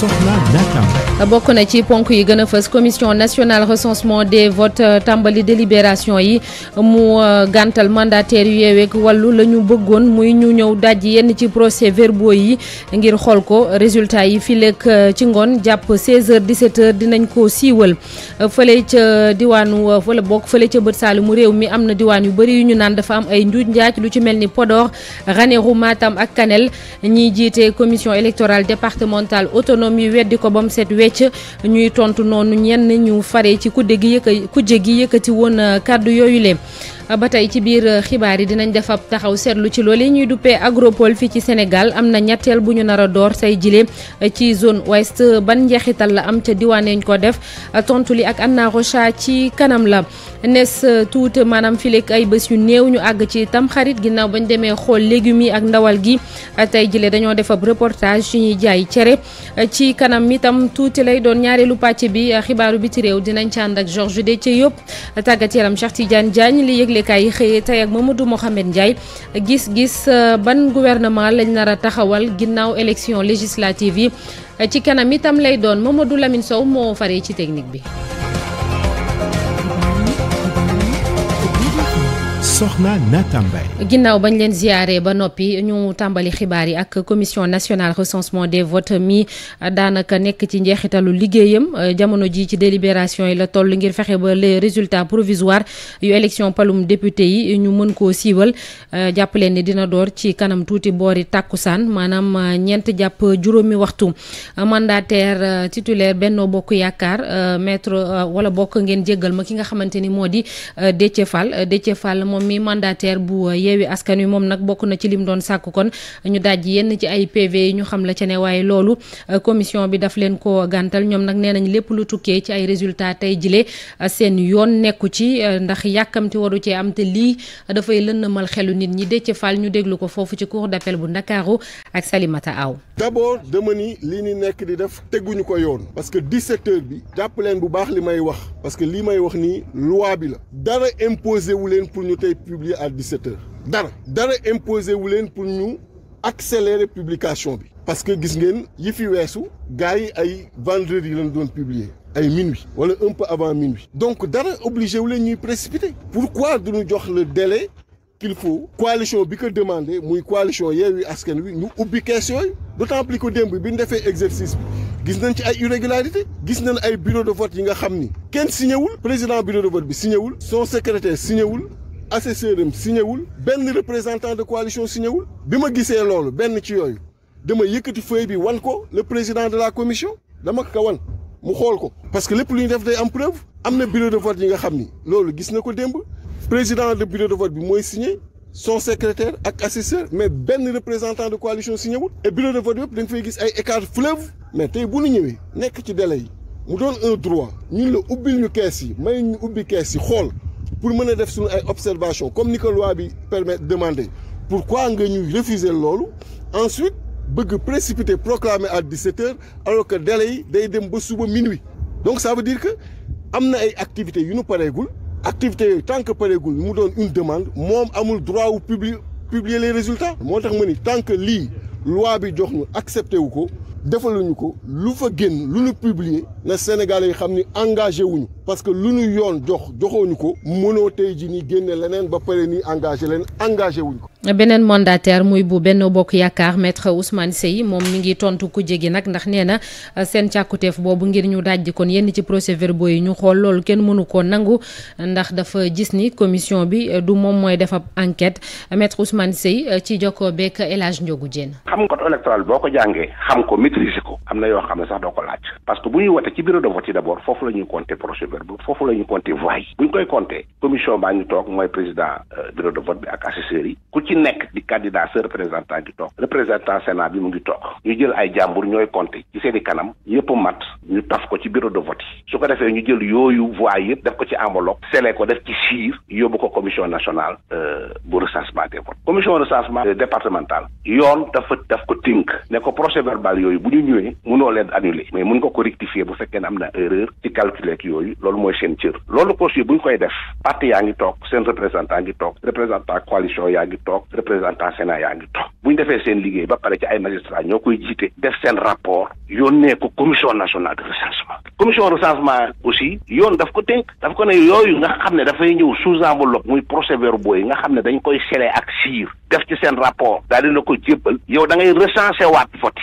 soxla naataango. Ah, bokk na ci ponk yi gëna fess commission nationale recensement des votes euh, tambali délibération yi mu euh, gantal mandataire yu yeeweeg wàllu la bëggoon muy ñu ñëw daj yenn ci procès verbaux yi ngir xol ko résultat yi fii lekk euh, ci ngoon japp 16h 17h dinañ ko siiwal fële ca diwaanu wala bokk ci ca salu mu rew mi amna diwan yu bari yu ñu naan dafa am ay njuuj njaaj lu ci melni ni Podor Ranérou Matam ak canel ñi jité commission électorale départementale autonome. astronomes yi weddi ko ba mu set wecc ñuy tontu noonu ñenn ñu fare ci kudde gi yëkka kujje gi yëkkati woon euh, kàddu yooyu leen ba tey ci biir eh, xibaar yi dinañ def ab taxaw seetlu ci lool yi ñuy duppee agropol fii ci Sénégal am na ñetteel bu ñu nar a door say jile eh, ci zone ouest ban njeexital la am ca diwaan yañ ko def eh, tontu li ak Anna Rocha ci kanam la nes tuut maanaam fileeg ay bés yu néew ñu àgg ci tamxarit ginnaaw ba ñu demee xool légumes yi ak ndawal gi tey jile dañoo defab ab reportage yu ñuy jaay cere ci kanam itam tuuti lay doon ñaareelu pàcc bi xibaaru bi biti réew dinañ ci ànd ak Georges Déthié Diop tàggat yëglekaay yi xëyee tey ak Mamadou Mohamed Ndiaye gis-gis euh, ban gouvernement lañ nar a taxawal ginnaaw élection législative yi ci kanam itam lay doon Mamadou Lamine Sow moo faree ci technique bi. Soxna Natta Mbaye bañ len ziaré ba nopi ñu tambali xibaari ak commission nationale recensement des votes mi danaka nek ci njeexitalu liggéeyam jamono ji ci délibération yi la toll ngir fexé ba les résultats provisoires yu élection palum député yi ñu mën ko siwal jàpp leen ni dina door ci kanam touti boori takusan manam ñent japp juróomi waxtu mandataire euh, titulaire Benno Bokk Yaakaar euh, maître euh, wala bokk ngeen jéggal ma ki nga xamanteni modi moo Fall Fall moom mi mandataire bu uh, yeewi askan wi moom nag bokk na ci lim doon sàkk kon ñu daj yenn ci ay PV yi ñu xam la ca ne waaye loolu uh, commission bi daf leen ko gàntal ñoom nag nee nañ lépp lu tukkee ci ay résultat tey jile uh, seen yoon nekku ci ndax yàkkamti waru cee am te lii dafay lëndëmal xelu nit ñi Déthié Fall ñu déglu ko foofu ci cour d'appel bu Ndakaaru ak Salimata Aw d'abord dama ni li ñu nekk ko yoon parce que 17 heures bi jàpp leen bu baax li may wax parce que publié à 17 h dara dara imposer pour nous accélérer publication parce que gis ay vendredi lañ doon publier ay minuit wala un peu avant minuit donc dara obligé ou ñuy précipiter pourquoi nous jox le délai qu'il faut coalition bi coalition Wi ñu d'autant plus que exercice gis nañ ci ay bureau de vote yi nga signé président bureau de vote bi son secrétaire signé assesseur signé wul représentant de coalition signé wul bi ma gisee loolu benn ci yooyu dama yëkkati feuille bi wan ko le président de la commission dama ko wan mu xol ko. parce que lepp luñu def day am preuve amna bureau de vote yi nga xamni lolu loolu gis na ko président de bureau de vote bi moy signé son secrétaire ak assesseur mais ben représentant de coalition signé wul. et bureau de vote yëpp dañ fay gis ay écart fleuve mais tay bu ñu ñëwee nekk ci délai mu doon un droit ñu la ubbil ñu caisse yi may ñu ubbi caisse yi xol pour mener une def observation comme ni loi bi demander pourquoi nga refusons refuser Ensuite, ensuite bëgg précipiter proclamer à 17 h alors que délai est de minuit donc ça veut dire que nous avons une activités yu ñu pareegul activités tant que pareegul nous une demande avons le droit de publier les résultats je tant que Li loi bi acceptée, defaluñu ko lu fa génn lu ñu publier na Sénégalais yi engagé ou parce que lu ñu yoon jox joxooñu ko mënoo tey ji ni génne leneen ba pare ni engagé leen engagé ou ko. mandataire muy bu benn bokk yaakaar maître Ousmane sey moom mi ngi tontu ku jege nak ndax nee sen euh, seen bobu ngir ñu dajji kon yenn ci procès verbaux yi ñu xol lool kenn mënu ko nangu ndax dafa gis ni commission bi euh, du mom moy def ab enquête maître Ousmane sey euh, ci joko bek elage Hadj xam ko électoral boo xam ko maîtriser ko am na yoo xam ne sax doo ko laaj parce que bu ñuy wote ci bureau de vote yi d' foofu la ñuy compter verbal foofu la ñuy compter bu ñu koy compter commission baa ngi toog mooy président euh, bureau de vote bi ak assesseurs yi ku ci nekk di candidat sa représentant ngi toog représentant sénat bi mu ngi toog ñu jël ay jàmbur ñooy compter ci seen kanam yëpp mat ñu taf ko ci bureau de vote su ko defee ñu jël yooyu voix yëpp def ko bu ñu ñëwee mënoo leen annuler mais mën nga ko rectifier bu fekkee ne am na erreur ci calcul ak yooyu loolu mooy seen cër loolu poste yi bu ñu koy def parti yaa ngi toog seen représentant ngi toog représentant coalition yaa ngi toog représentant sénat yaa ngi toog bu ñu defee seen liggéey ba pare ci ay magistrat ñoo koy jiite def seen rapport yónnee ko commission nationale de recensement commission recensement aussi yoon daf ko tënk daf ko ne yooyu nga xam ne dafay ñëw sous enveloppe muy procès verbaux yi nga xam ne dañ koy sele ak siir def ci seen rapport daal dina ko jébbal yow da ngay recenser waat vote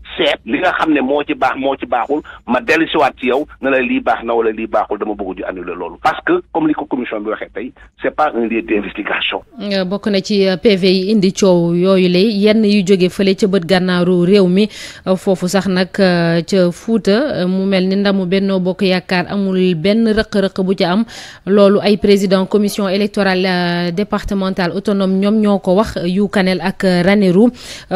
seet li nga xam mo ci bax mo ci baxul ma ci wat ci yow na la li bax na wala li baxul dama bëgg di annuler lolu parce que comme li ko commission bi waxee tay c'est pas un lieu d'investigation. Euh, bokku na ci euh, PV yi indi ciow yooyu lay yenn yu jóge fële ci bët gànnaaru réew mi euh, fofu sax nak ci foota mu melni ndamu Benno Bokk yakkar amul benn rëq-rëq bu ci am lolu ay président commission électorale départementale autonome ñom ñoko wax yu Kanel ak raneru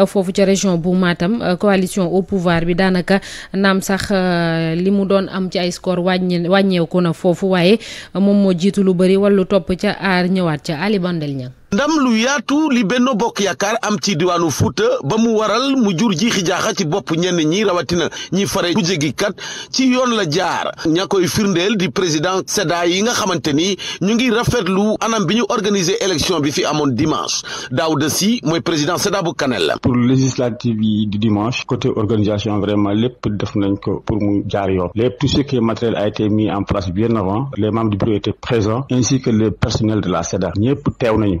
fofu ci région bu Matam coalition. coalition au pouvoir bi daanaka naam sax euh, li mu doon am ci ay score wàññi wàññeeku na foofu waaye moom moo jiitu lu bëri wàllu topp ca aar ñëwaat ca Ali Bandel Niang ndam lu yaatu li Benno Bokk Yaakaar am ci diwaanu Fuuta ba mu waral mu jur jiixi jaaxa ci bopp ñenn ñi rawatina ñi faree bu jégi kat ci yoon la jaar ña koy firndeel di président sedda yi nga xamante ni ñu ngi rafetlu anam bi ñu organiser élection bi fi amoon dimanche Daouda Sy mooy président SEDA bu Kanel la pour législative yi di dimanche côté organisation vraiment lépp def nañ ko pour mu jaar yoon le tout ce qui matériel a été mis en place bien avant les de la SEDA ñëpp teew nañu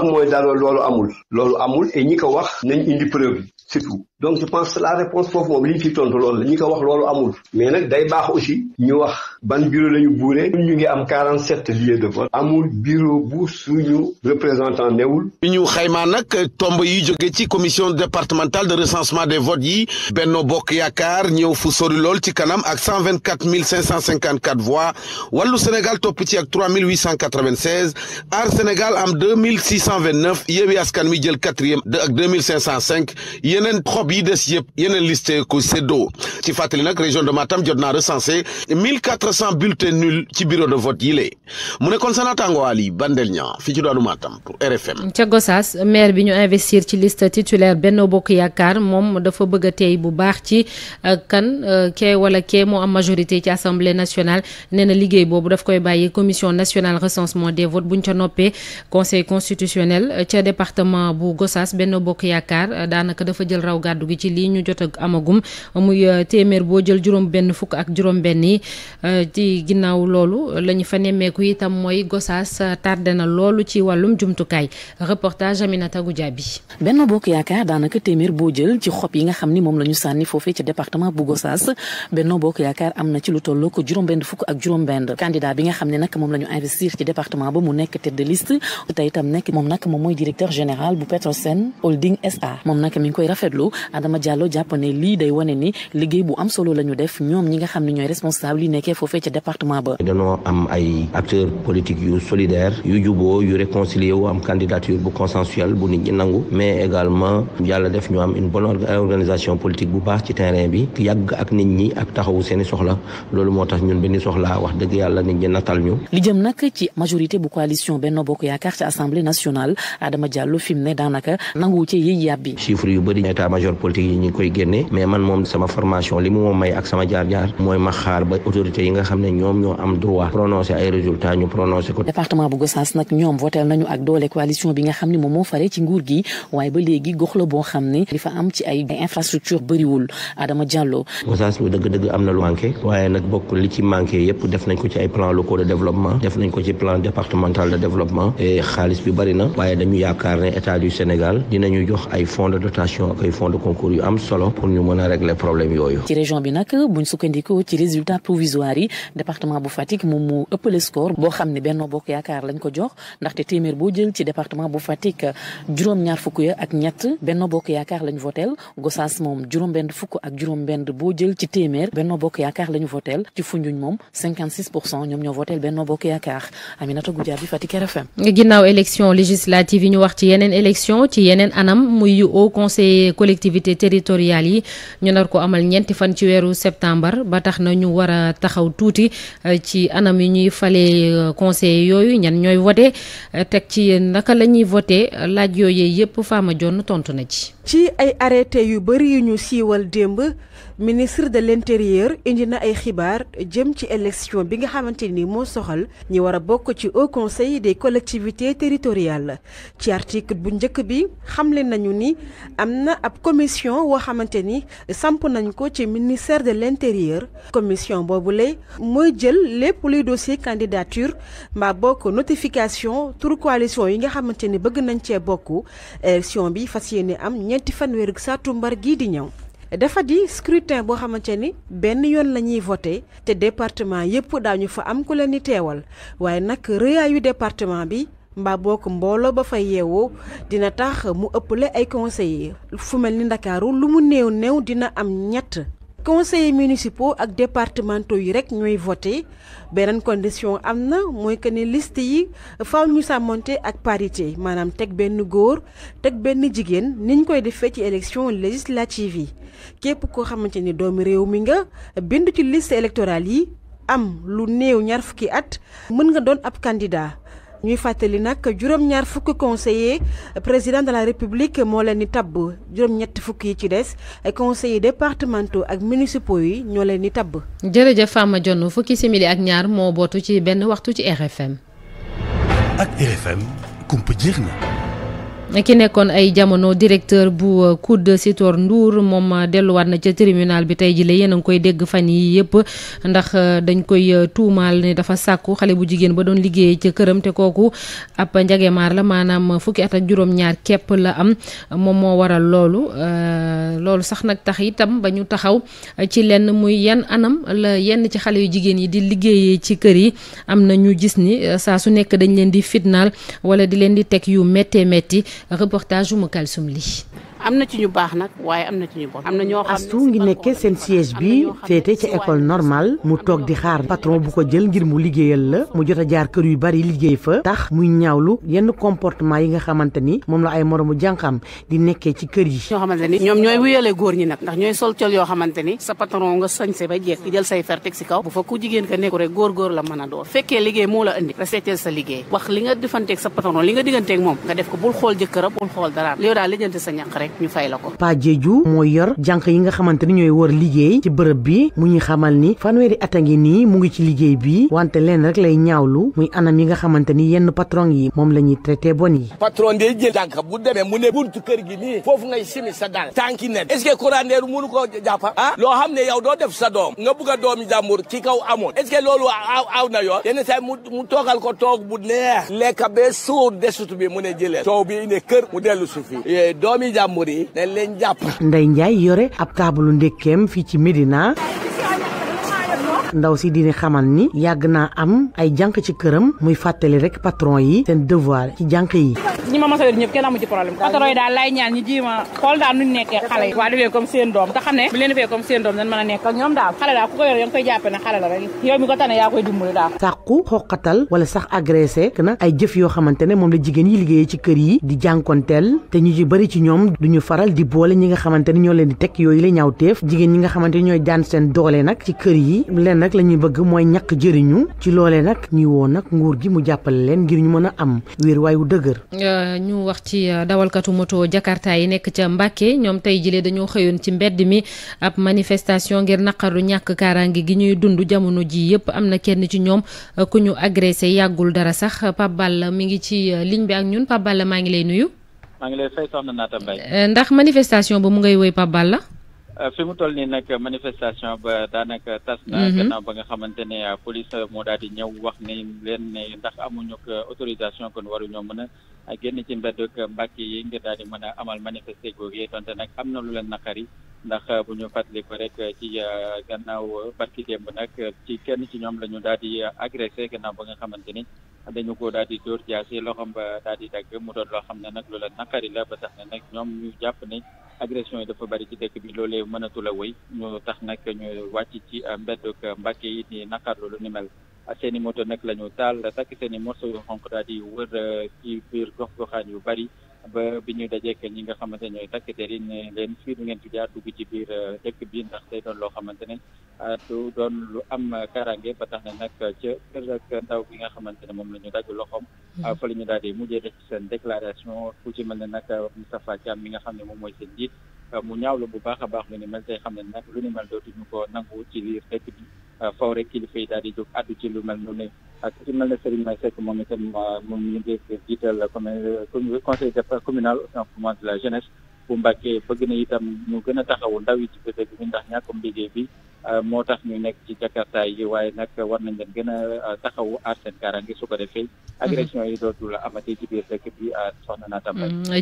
wax mooy dara loolu amul loolu amul et ñi ko wax nañ indi preuve surtout donc je pense la réponse foofu moom li ñu fi tontu loolu la ñi ko wax loolu amul mais nag day baax aussi ñu wax ban bureau lañu ñu buuree ñu ngi am 47 lieux de vote amul bureau bu suñu représentant newul bi ñu xaymaa nag tomb yi jóge ci commission départementale de recensement des votes yi Benno Bokk Yaakaar ñëw fu sori lool ci kanam ak 124 554 voix wàllu Sénégal topp ci ak 3896 ar Sénégal am 2629 629 Yewwi Askan mi jël 4e de ak 2505 505 yeneen bi dess yëpp yeneen listé ko seddo ci fatali nak région de Matam jotna recensé 1400 bulletins nuls ci bureau de vote yi lée mu nekkoon sa naataango Ali Bandel nya fii ci daanu Matam pour RFM tia Gossas maire bi ñu investir ci liste titulaire Benno Bokk yakar mom dafa bëgg a bu baax ci euh, kan euh, ke wala ke mo am majorité ci assemblée nationale nee na liggéey boobu daf koy bayyi commission nationale recensement des votes buñ ca noppé conseil constitutionnel euh, ca département bu Gossas Benno Bokk yakar danaka dafa jël raw gàddu kàddu gi lii ñu jot ak amagum muy euh, téeméer boo jël juróom benn fukk ak juróom benn yi euh, ci ginnaaw loolu la ñu fa nemmeeku itam mooy Gosaas euh, tardé na loolu ci wàllum jumtukaay reportage Aminata Goudiaby benn bokk yaakaar daanaka téeméer boo jël ci xob yi nga xam ni moom la ñu sànni foofee ci département bu Gosaas Benno Bokk Yaakaar am na ci lu tolloo ko juróom-benn fukk ak juróom-benn candidat bi nga xam ne nag moom la ñu investir ci département ba mu nekk te de liste tey itam nekk moom nag moom mooy directeur général bu Petrosen Holding SA moom nag mi ngi koy rafetlu Adama Diallo jàpp lii day wane ni liggéey bu am solo la ñu def ñoom ñi nga xam ne ñooy responsable yi nekkee foofee ca département ba. dañoo am ay acteurs politiques yu solidaire yu juboo yu réconcilié wu am candidature bu consensuelle bu nit ñi nangu mais également yàlla def ñu am une bonne organisation politique bu baax ci terrain bi yàgg ak nit ñi ak taxawu seeni soxla loolu moo tax ñun benn soxla wax dëgg yàlla nit ñi natal ñu. li jëm nag ci majorité bu coalition Benno Bokk Yaakaar ci assemblée nationale Adama Diallo yu bëri politique yi ñu ngi koy génne mais man moom sama formation li mu ma may ak sama jaar-jaar mooy ma xaar ba autorité yi nga xam ne ñoom ñoo am droit prononcé ay résultats ñu prononcé ko. département bu Gossas nag ñoom votel nañu ak doole ne moom moo fare ci nguur gi waaye ba léegi gox boo xam ne fa am ci ay infrastructure bëriwul Adama Diallo. Gossas dëgg-dëgg am na lu manqué waaye nag bokk li ci manqué yëpp def nañ ko ci ay plans locaux de développement def nañ ko ci plan départemental xaalis bi bëri na waaye dañu yaakaar ne état du Sénégal dinañu jox ay fonds de dotation ak ay fonds de concours yu am solo pour ñu mëna régler problème yoyu ci région bi nak buñ ci résultat provisoire yi département bu Fatick moom moo score bo ne Benno Bokk yaakar lañ ko jox té téeméer jël ci département bu Fatick juroom ñaar ya ak ñett Benno Bokk yaakar lañ votel Gossas mom juroom benn fukk ak juroom benn bo jël ci témir Benno Bokk yaakar lañ votel ci fuñuñ mom 56 pour cent ñoo votel Benno Bokk yaakar Aminata Goudiar bi Fatick RFM. ginnaaw élection législative ñu wax ci yenen élection ci yenen anam muy au conseil collectif collectivités territoriales yi ñu nar ko amal ñeenti fan ci weeru septembre ba tax na ñu war a taxaw tuuti euh, ci anam yi ñuy fale euh, conseil yooyu ñan ñooy voté euh, teg ci naka lañuy ñuy voté laaj yooyu yëpp Fama Jonn tontu na ci. ci ay arrêté yu bëri yu ñu siiwal démb. ministre de l'intérieur indi na ay xibaar jëm ci élection bi nga ni soxal ñi a conseil des collectivités territoriales ci article ni commission woo xamante ministère de l'intérieur commission boobu lay les jël lépp luy dossier candidature mbaa bokk notification tour coalition yi nga xamante ni bëgg nañ cee élection bi am dafa di scrutin boo xamante ni benn yoon la ñuy voté te département yépp daañu fa am ku leen di teewal waaye nag rëyaayu département bi mbaa bokk mbooloo ba fay yeewoo dina tax mu ëppale ay conseillers fu mel ni ndakaaru lu mu néew néew dina am ñett conseillers municipaux ak départementaux yi rek ñooy voté beneen condition am na mooy que ne liste yi faaw ñu sàmmonte ak parité maanaam teg benn góor teg benn jigéen niñ koy defee ci élection législative yi képp koo xamante ni doomi réew mi nga bind ci list électorale yi am lu néew ñaar fukki at mën nga doon ab candidat ñuy fàttali nag juróom-ñaar fukk conseiller président de la république moo leen di tabb juróom-ñetti fukk yi ci des conseillers départementaux ak municipaux yi ñoo leen di tabb. jërëjëf Fama Dione fukki simili ak ñaar moo bootu ci benn waxtu ci RFM. ak RFM kumpa jeex na. ki nekkoon ay jamono directeur bu euh, COUD Sitor nduur moom euh, delluwaat na ca tribunal bi tey jii la yéen a ngi koy dégg fan yi yëpp ndax euh, dañ koy tuumaal ni dafa sàkku xale bu jigéen ba doon liggéeyee ca këram kooku ab njagemaar la maanaam fukki at ak juróom képp la am moom moo waral loolu loolu sax nag tax itam ba ñu taxaw ci lenn muy yan anam yenn ci xale yu jigéen yi di liggéeyee ci kër yi am na ñu gis ni saa su nekk dañ leen di fitnaal wala di leen di teg yu méttee métti reportage ou Somli. amna ci ñu bax nak waye amna ci ñu bon amna ño xam astu ngi nekké sen siège bi fété ci école normale mu tok di xaar patron bu ko jël ngir mu liggéeyal la mu jot jaar kër yu bari liggéey fa tax muy ñaawlu yenn comportement yi nga xamanteni mom la ay moromu jankam di nekké ci kër yi ño xamanteni ñom ñoy wuyalé goor ñi nak ndax ñoy sol col yo xamanteni sa patron nga sé ba jekk jël say fer tek ci kaw bu fa ku jigen ka nekk rek goor goor la mëna do door liggéey mo la andi respecté sa liggéey wax li nga ak sa patron li nga ak mom nga def ko bul xol jëkkëra bul xol dara yow da lijjante sa ñak rek laaj ñu fay la ko Pa Diédhiou mooy yor jànq yi nga xamante ñooy war liggéey ci bërëb bi mu ñuy xamal ni fanweeri at a ngi nii mu ngi ci liggéey bi wante leen rek lay ñaawlu muy anam yi nga xamante ni yenn patron yi moom la ñuy traité bon yi patron day jël jànq bu demee mu ne buntu kër gi nii foofu ngay simi sa dal tànki nen est-ce que ko jàppa ah, loo xam ne yow doo def sa doom nga bugg a doomi jàmbur ci kaw amoon est-ce que loolu aw aw na yoon yenn saa mu toogal ko toog bu neex lekka bee suur desut bi mu ne jëlee toow bi ne kër mu dellu suufi eh, doomi jàmbur jàmbur yi. leen jàpp. Ndeye Ndiaye yore ab taabalu ndekkeem fii ci Médina. ndaw si dina xamal ni yàgg naa am ay jànq ci këram muy fàttali rek patron yi seen devoir ci jànq yi ñi ma masa yor ñëpp kenn amu ci problème patron yi daal lay ñaan ñi jiima xool daal nuñ nekkee xale yi waa defee comme seen doom te xam ne bu leen defee comme seen doom dañ mën a nekk ak ñoom daal xale daal ku ko yor yaa ngi koy jàppe ne xale la rek yow mi ko tane yaa koy dimbali daal sàqu xoqatal wala sax agressé nag ay jëf yoo xamante ne moom la jigéen yi liggéeyee ci kër yi di jànkonteel te ñu ci bari ci ñoom duñu faral di boole ñi nga xamante ne ñoo leen di teg yooyu la ñaaw ñaawteef jigéen ñi nga xamante ne ñooy daan seen doole nag ci kër yi leen nag la ñuy bëgg mooy ñàkk jëriñu ci loole nag ñuy woo nag nguur gi mu jàppale leen ngir ñu mën a am wéeruwaay wu dëgër. Euh, ñu wax ci euh, dawalkatu moto Jakarta yi nekk ca Mbàkke ñoom tey jile dañoo xëyoon ci mbedd mi ab manifestation ngir naqaru ñàkk kaaraange gi ñuy dund jamono ji yëpp am na kenn ci ñoom euh, ku ñu agressé yàggul dara sax Pape Balla mi ngi ci ligne bi ak ñun Pape Balla maa ngi lay nuyu. ndax manifestation ba mu ngay woy Pape Balla. Euh, fi mu toll nii nag manifestation ba daanaka tas na. Mhm. gannaaw ba nga xamante ne euh, police moo daal di ñëw wax ni leen ne ndax amuñu autorisation kon waruñoo mën a génn ci mbedd ak mbàkk yi ngir daal di mën a amal manifester googu donte nag am na lu leen naqari ndax bu ñu fàttali ko rek ci euh, gannaaw barki démb nag ci kenn ci ñoom la ñu daal di agressé gannaaw ba nga xamante ni dañu ko daal di dóor jaasi loxoom ba daal di dagg mu doon loo xam ne nag lu leen naqari la ba tax ñoom jàpp ni. agression yi dafa bari ci dëkk bi loolee mënatul a wéy ñu tax nag ñu wàcc ci euh, mbeddug Mbàkke yi di naqar loolu ni mel seen i moto nag la ñu taal takk seen i yu xonq daal di wër euh, ci biir gox goxaan yu bari ba bi ñuy dajee dajeek ñi nga xamante ñooy takk der yi ne leen fii du ngeen fi jaar dugg ci biir euh, dëkk bi ndax day doon loo xamante ne euh, du doon lu am karange ba tax na nag ca kër ak ndaw bi nga xamante ne moom la ñu dagg loxoom hmm. euh, a la ñu daal di mujjee def seen déclaration ku ci mel ne nag Moustapha Thiam mi nga xam ne moom mooy seen njiit Euh, mu ñaawlu bu baax a baax lu ni mel tey xam ne nag lu ni mel dootuñu ko nangu ci biir dëkk bi euh, faw rek kilifa yi daal di jóg addu ci lu mel noonu ne ak ci mel ne May Seck moom itam euh, moom ñu ngi jiital commune conseil communal au sein de la jeunesse bu Mbàkke bëgg na itam ñu gën a taxawu ndaw yi ci dëkk bi ndax ñàkkum liggéey bi. moo tax ñu nekk ci jakarta yi waaye nag war nañ leen gën a taxawu aar seen kaaraange su ko defee agression yi la amati ci biir dëkk bi soxna naa tam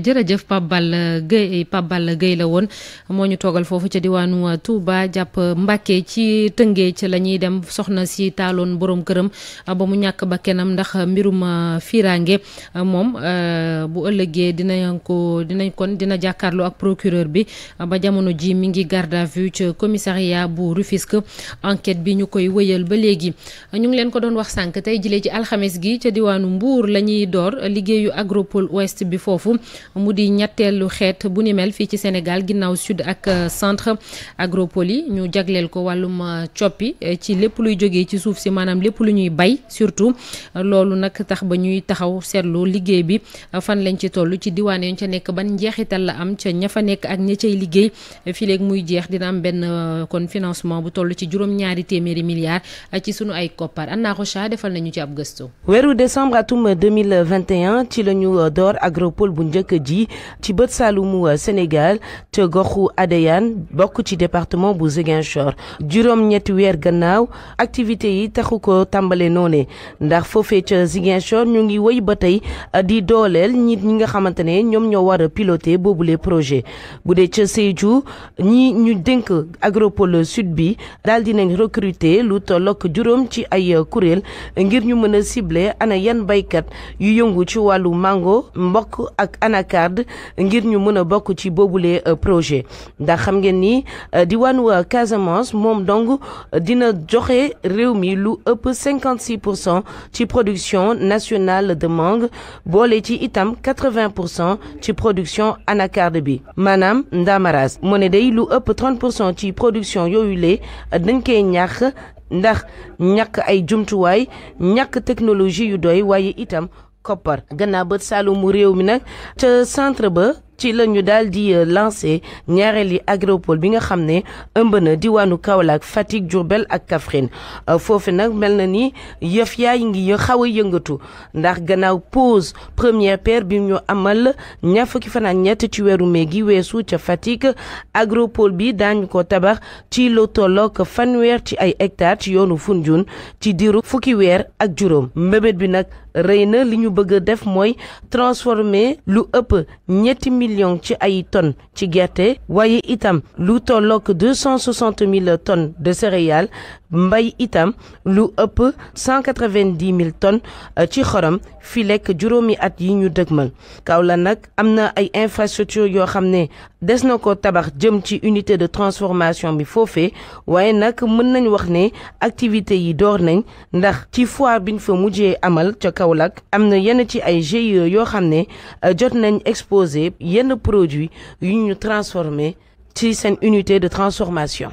jërëjëf Pape Balla Gueye Pape Balla Gueye la woon moo ñu toogal foofu ca diwaanu Touba jàpp Mbàkke ci tëngee ci la ñuy dem soxna si taaloon borom këram ba mu ñàkk bakkenam ndax mbirum firange moom bu ëllëgee dinañ ko dinañ kon dina jàkkaarloo ak procureur bi ba jamono ji mi ngi garde à vue ci commissariat bu fisc enquête bi ñu koy wëyal ba léegi ñu ngi leen ko doon wax sànq tey jile ci alxames gi ca diwaanu Mbour la ñuy door liggéeyu agropole ouest bi foofu mu di ñetteelu xeet bu ni mel fii ci Sénégal ginnaaw sud ak euh, centre agropole yi ñu jagleel ko wàllum euh, coppi euh, ci lépp luy jógee ci suuf si maanaam lépp lu ñuy bay surtout loolu nag tax ba ñuy taxaw seetlu liggéey bi fan lañ ci toll ci diwaan yi ca nekk ban njeexital la am ca ña fa nekk ak ña cay liggéey fii léegi montant bu tollu ci juroom ñaari téeméeri milliards ah, ci sunu ay copar Anna Rocha defal nañu ci ab gëstu. weeru décembre atum 2021 ci la dor euh, door agropole bu njëkk ji ci beut saalumu euh, Sénégal te goxu Adéane bokk ci département bu Ziguinchor juroom ñetti wér gannaaw activité yi taxu ko tàmbale noone ndax fofé ci Ziguinchor ñu ngi wéy ba tey euh, di dolel nit ñi nga xamante ñom ñoo war piloter bobu projet projets dee ci Sédhiou ñi ñu dénk agropole sud bi dal dinañ di recruter lu tolok juróom ci ay kuréel ngir ñu mëna a cibler ana yan baykat yu yëngu ci mango mbokk ak anacarde ngir ñu mëna bokku ci boobule euh, projet ndax xam ngeen ni euh, diwanu euh, Casamance mom dong dina joxé réew mi lu ëpp 56 de ci production nationale de mangue bolé ci itam 80 de ci production anacarde bi manam ndamaras mu day lu ëpp 30 de ci production yoyulé dañ koy ñàkk ndax ñàkk ay jumtuwaay ñàkk technologie yu doy waaye itam koppar gannaaw bët saalumu réew mi nag ca centre ba ci la ñu daal di euh, lancé ñaareeli agropole bi nga xam ne ëmb na diwaanu Kaolack Fatick Diourbel ak Kaffrine euh, foofu nag mel na ni yëf yaay ngi xaw a yëngatu ndax gannaaw pause première pierre bi ñu amal ñaar fukki fan ñett ci weeru mai gi weesu ca Fatick agropole bi daañu ko tabax ci lu tolloog fanweer ci ay hectares ci yoonu Foundiougne ci diiru fukki weer ak juróom mbébét bi nag rëy na li ñu bëgg a def mooy transformer lu ëpp ñetti million ci tonnes itam 260 tonnes de céréales Mbaye itam lu 190 000 tonnes euh, ci xorom filek lek juróomi at yi ñu dëgmal Kaolack ay infrastructure yoo des na tabax unité de transformation bi foofee waaye nag mën nañ wax activité yi door nañ ndax ci foire biñ fa amal ca Kaolack am yenn ci euh, exposé yu transformé ci unité de transformation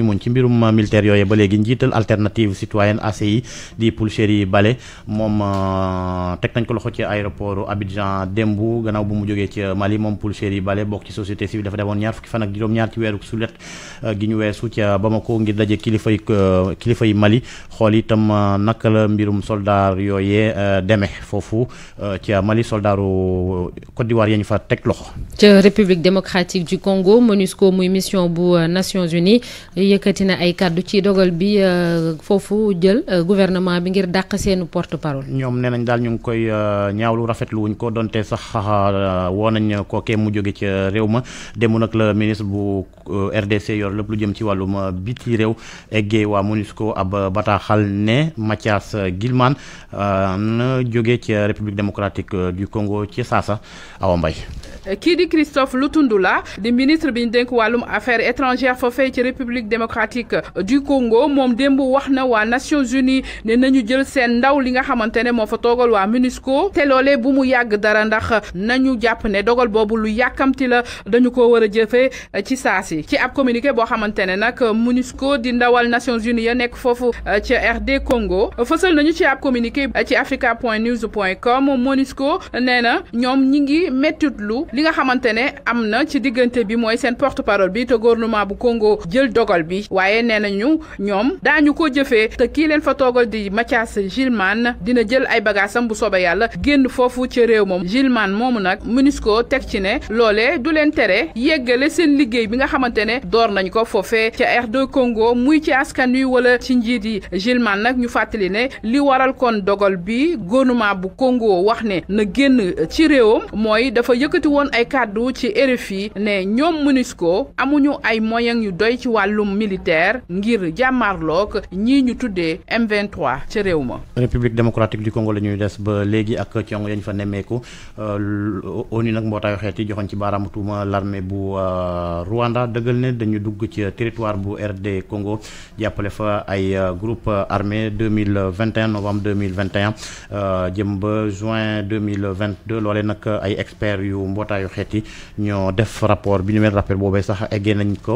ñu ci mbirum militaire yooyu ba léegi njiital alternative citoyenne ACI di Pulchéri Bale moom euh, teg nañ ko loxo ci aéroport Abidjan Dembou gannaaw bu mu jógee ci Mali moom Pulchéri Bale bokk ci société civile dafa demoon ñaar fukki fan ak juróom-ñaar ci weeru sulet euh, gi ñu weesu ca Bamako ngir daje kilifa euh, yi Mali xool itam naka la mbirum soldat yooyee demee foofu ca Mali soldaaru Côte d'Ivoire ya fa teg loxo. ca République démocratique du Congo MONUSCO muy mission bu Nations Unies. yëkkati na ay kàddu ci dogal bi euh, foofu jël euh, gouvernement bi ngir dàq seenu porte parole. ñoom nee nañ daal ñu ngi koy euh, ñaawlu rafetlu wuñ ko donte sax woo nañ kookee mu jóge ca réew ma demu nag la ministre bu RDC yor lépp lu jëm ci wàllum ci réew eggee waa ko ab bataaxal ne Mathias Gilman na jóge ci République démocratique du Congo ci saa Awa Mbaye Eh, kii Christophe Lutundula di ministre bi affaires étrangères foofee ci république démocratique eh, du Congo mom démb waxna wa Nations Unies ne nañu jël sen ndaw li nga xamantene mo fa toogal wa MINUSCO té lolé bu mu yàgg dara ndax nañu japp né dogal bobu lu yakamti la dañu ko war a eh, ci saasi ci ab communiqué bo xamantene nak MINUSCO di ndawal Nations Unies ya n'ek fofu ci RD Congo fësal nañu ci ab communiqué ci africa point news point com MONUSCO nee na ñoom ñi ngi li nga xamante ne am na ci diggante bi mooy seen porte parole bi te gouvernement bu Congo jël dogal bi waaye nee nañu ñoom daa ñu ko jëfee te kii leen fa toogal di Mathias Gilman dina jël ay bagaasam bu soobee yàlla génn foofu ci réew moom Gilman moomu nag MONUSCO teg ci ne loolee du leen tere yeggale seen liggéey bi nga xamante ne door nañ ko foofee ci R2 Congo muy ci askan wi wala ci njiit yi Gilman nag ñu fàttali ne li waral kon dogal bi gouvernement bu Congo wax ne na génn ci réewam woon ay kaddu ci RFI ne ñom munisco amuñu ay moyen yu doy ci walum militaire ngir jamarlok ñi ñu tuddé M23 ci réew République démocratique du Congo la ñuy des ba légui ak cong yañ fa euh ONU nak motay xeet yi ci baaraamu tuuma l'armée bu euh, Rwanda deugal né dañu dugg ci territoire bu RD Congo jàppale fa ay euh, groupe armé 2021 novembre 2021 euh, jëm ba juin 2022 lolé nak ay expert yu mbootaayu xeet yi ñoo def rapport bi ñu mel rappel boobee sax eggee nañ ko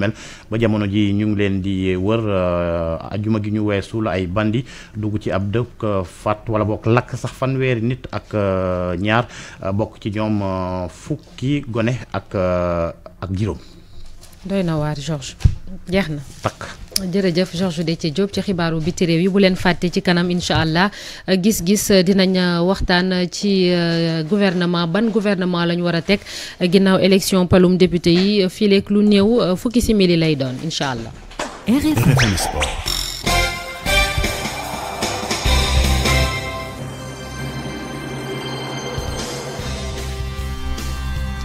mel ba jamono ji ñu ngi leen di wër euh, ajuma gi ñu weesu la ay bandi dugg ci ab dëkk euh, fat wala bok lak sax fanweeri nit ak euh, ñaar bok ci ñoom fukki gone ak ak juróom doy na waar george jeex na jërëjëf Georges Déthié Diop ci xibaaru biti réew yi bu leen fàtte ci kanam incha allah gis-gis dinañ waxtaan ci euh, gouvernement ban gouvernement lañ war a teg ginnaaw élection palum député yi fileek lu néew fukki simili lay doon incha allah. Sport.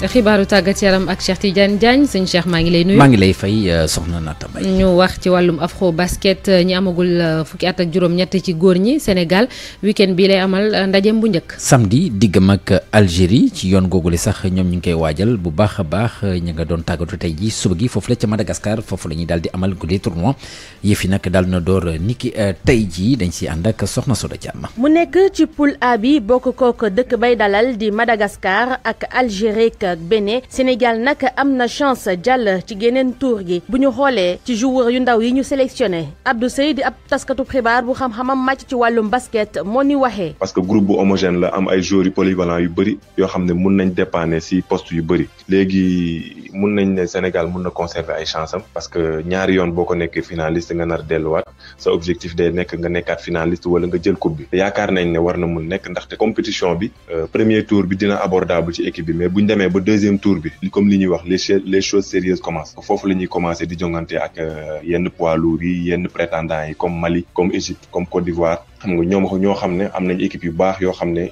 xibaaru tàggat yaram ak Cheikh Tidiane Diagne sëñ Cheikh maa ngi lay nuyu. maa ngi lay fay euh, soxna Natta Mbaye. ñu wax ci wàllum afro basket euh, ñi amagul euh, fukki at ak juróom-ñett ci góor ñi Sénégal weekend bii lay amal ndajeem bu njëkk. samedi diggam ak Algérie ci yoon googule sax ñoom ñu ngi koy waajal bu baax a baax ñi nga doon tàggatu tey ji suba gi foofu la ca Madagascar foofu la ñuy daal di amal guddi tournoi yëf yi nag daal na door niki tey jii dañ siy ànd ak soxna Soda Thiam. mu nekk ci poule A bi bokk kook dëkk bay dalal ak ak Bénin Sénégal nag am na chance jàll ci geneen tour gi bu ñu xoolee ci joueur yu ndaw yi ñu sélectionné Abdou Seye di ab taskatu xibaar bu xam-xamam màcc ci wàllum basket moo ni waxee. parce que groupe bu homogène la am ay joueurs yu polyvalent yu bëri yoo xam ne mun nañ dépanner si post yu bëri léegi mun nañ ne Sénégal mun na conserver ay chance am parce que ñaari yoon boo ko nekkee finaliste nga nar delluwaat sa objectif day nekk nga nekkaat finaliste wala nga jël coupe bi na mun nekk ndaxte compétition bi euh, premier bi dina abordable ba deuxième tour bi comme li ñuy wax les les choses sérieuses commencent foofu la ñuy commencé di jongante ak euh, yenn poids lourds yi yenn prétendants yi comme Mali comme Égypte comme Côte d'Ivoire xam ñoom ñoo xam ne am nañ équipe yu baax yoo xam ne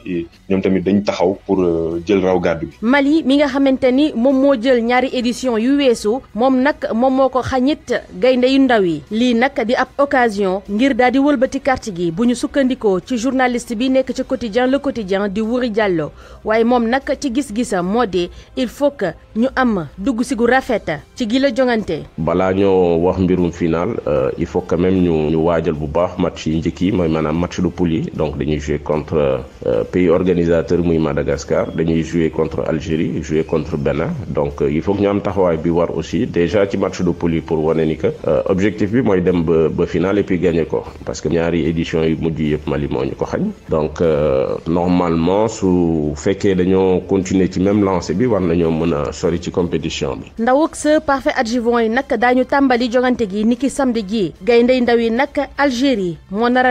ñoom tamit dañ taxaw pour euh, jël raw gàddu bi. Mali mi nga xamante ni moom moo jël ñaari édition yu weesu moom nag moom moo ko xañit gaynde yu ndaw yi lii nag di ab occasion ngir daal di wëlbati kart gi bu ñu sukkandikoo ci journaliste bi nekk ci quotidien le quotidien di Wuri Diallo waaye moom nag ci gis-gisam moo de il faut que ñu am dugg si gu rafet ci gi la jongante. balaa ñoo wax mbirum final euh, il faut que même ñu ñu waajal bu baax match yi njëkk yi mooy maanaam match de poule donc dañuy jouer contre euh, pays organisateur muy Madagascar dañuy jouer contre Algérie jouer contre Bénin donc euh, il faut que ñu am taxawaay bi war aussi déjà ci match de poule pour wane ni que euh, objectif bi mooy dem ba ba final et puis gagner ko parce que ñaari édition yi mujj yëpp Mali moo ñu ko xañ donc normalement su fekkee dañoo continuer ci même lancée bi war nañoo mën sorti ci compétition bi. parfait adjoint. yi nag daañu tàmbali gi niki samedi ji gayndey ndaw yi Algérie moo nar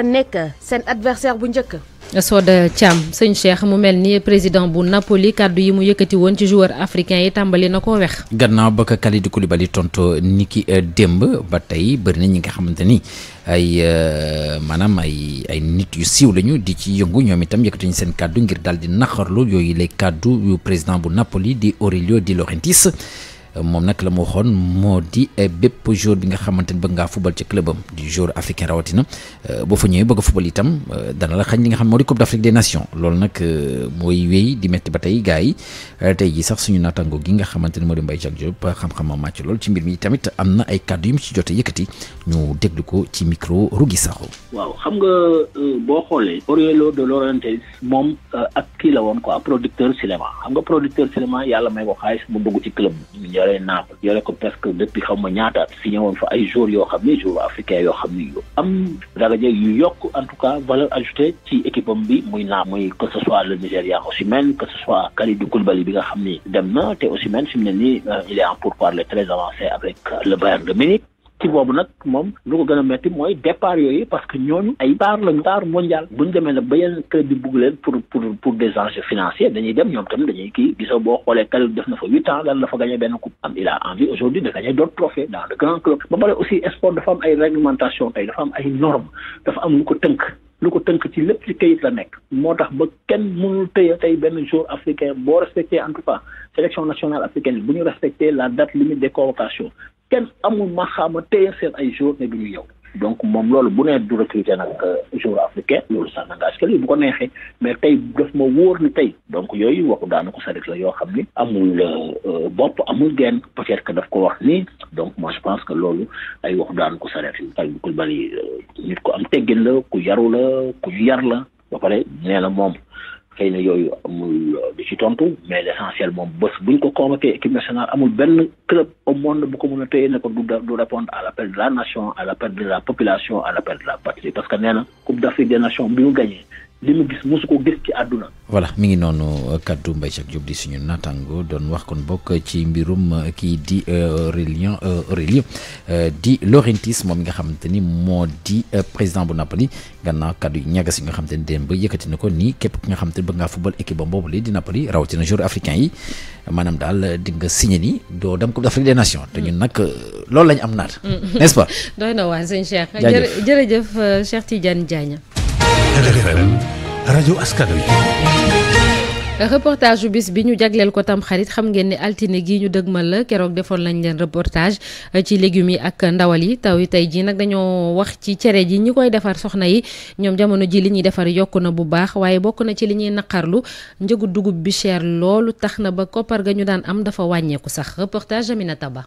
sen adversaire bu njëkk. Soda Cham, Seigne Cheikh mu melni ni président bu Napoli kaddu yi mu yëkëti woon ci joueur africain yi tambali na ko wex. gannaaw ba ka Koulibaly tonto Niki Demb euh, démb ba tey bëri na ñi nga xamanteni ay euh, manam ay ay nit yu siiw lañu di ci yëngu ñom itam yëkkatuñu seen kaddu ngir daldi naxarlu naqarlu lay yu président bu Napoli di Aurelio Di Laurentiis. mom nak la mo xon modi e eh, bepp jour bi nga xamanteni bëgg ngaa fubal ci clubam am du jour africain rawatina eh, bo fa ñëwee bëgg football itam eh, dana la xañ li nga xam modi coupe d'afrique des nations lool nak moy wéy di metti batay gaay tay yi ji sax suñu natango gi nga xamanteni modi mbay di Mbaye xam xam-xamam lool ci mbir mi tamit amna ay cadeau yu ci jotté yëkëti ñu déglu ko ci micro rugi saxo waaw xam nga euh, bo xolé orielo de laurentes mom euh, ak ki la woon quoi producteur cinéma xam nga producteur cinéma yalla may ko mu dugg ci club yore Naples yore ko presque depuis xam ma ñaata at signé woon fa ay joueurs yoo xam ni joueurs africains yoo xam am daraja yu yokk en tout cas valeur ajoutée ci équipe am bi muy naa muy que ce soit le Nigéria Osimhen que ce soit Kalidou Koulibaly bi nga xam ni dem na te Osimhen fi mu ne nii euh, il est en pourparlers très avancé avec le Bayern de Munich ci boobu nag moom lu ko gën a métti mooy départ yooyu parce que ñooñu ay star lañu star mondial buñ demee nag ba yenn crédit bugg leen pour pour pour des enjeux financiers dañuy dem ñoom tam dañuy kii gisoo boo xoolee Kalou def na fa huit ans dal la fa gagné benn coupe am il a envie aujourd'hui de gagner d'autres trophées dans le grand club ba pare aussi sport dafa am ay réglementation tey dafa am ay normes dafa am lu ko tënk lu ko tënk ci lépp ci kayit la nekk moo tax ba kenn mënul tëye tey benn jour africain boo respecté en tout cas sélection nationale africaine bu ñu respecté la date limite des convocations kenn amul maxaama téye seen ay journée bi ñu yow donc moom loolu bu nee du recruter nag euh, jour africain loolu ça n'engage que lui bu ko neexee mais tey daf ma wóor ni tey donc yooyu waxu daanaka sarit la yoo xam ni amul euh, euh, bopp amul gen peut-être que daf ko wax nii donc moi je pense que loolu ay waxu daanaka sarit la ay ku bari nit ku am teggin la ku yaru la ku yar la ba pare nee moom xëy na yooyu amul euh, di mais essentiellement il bés buñ ko convoqué équipe nationale amul benn club au monde bu ko du répondre à l'appel de la nation à l'appel de la population à l'appel de la patrie parce que nee coupe d'Afrique des nations bi mu gagné li mu gis mosu ko gis ci àdduna. voilà mi ngi noonu euh, kaddu Mbaye Jacques Diop di suñu natango doon wax kon bokk ci mbirum euh, kii di euh, Aurélien Aurélien di Laurentis moom mi nga xamante ni di président bu Napoli gannaaw kaddu yi ñagas nga ni démb yëkkati na ko nii nga xamante bëgg ngaa football équipe ba boobu di Napoli rawatina joueur africain yi maanaam daal di nga signé ni do dem Coupe d'Afrique des Nations te ñun nak loolu lañ am naat. Mm. n'est-ce pas. doy na waa Cheikh. jërëjëf jërëjëf Cheikh Tidiane Diagne. RFM rajo askan bis bi ñu jagleel ko tamxarit xam ngeen ne altine gii ñu dëgmal la keroog defoon lañ leen reportage eh, ci légumes yi ak ndawal yi taw yi tey jii nag dañoo wax ci cere ji ñi koy defar soxna yi ñoom jamono ji li ñuy defar yokk na bu baax waaye bokk na ci li ñuy naqarlu njëgu dugub bi cher loolu tax na ba koppar ga ñu daan am dafa wàññeeku sax reportage Aminata Ba